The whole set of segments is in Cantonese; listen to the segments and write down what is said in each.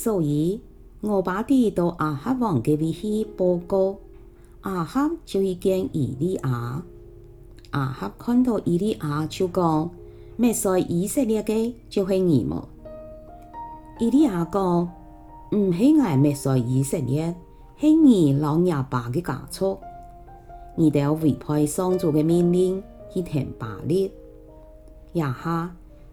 所以，我把地都亞哈王給位去報告。亞哈就去見以利亞。亞哈看到以利亞，就講：沒在以色列嘅就係你冇。以利亞講：唔係我咩說以色列，係你老阿爸的過錯。你們要違背上主的命令去停霸呢？亞哈。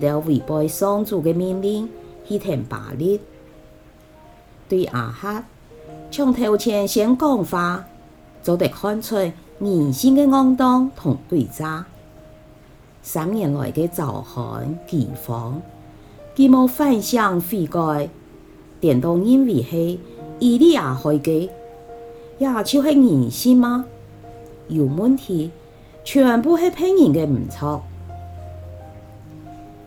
要違背上主的，的命令，一天八日。對亞哈，從頭前先講法，就得看出人性的骯髒同詭詐。三年來的造反、饑荒，佢冇反向悔改，電動認為係以利亞嘅，也就係人性嗎？有問題，全部係騙人的名錯。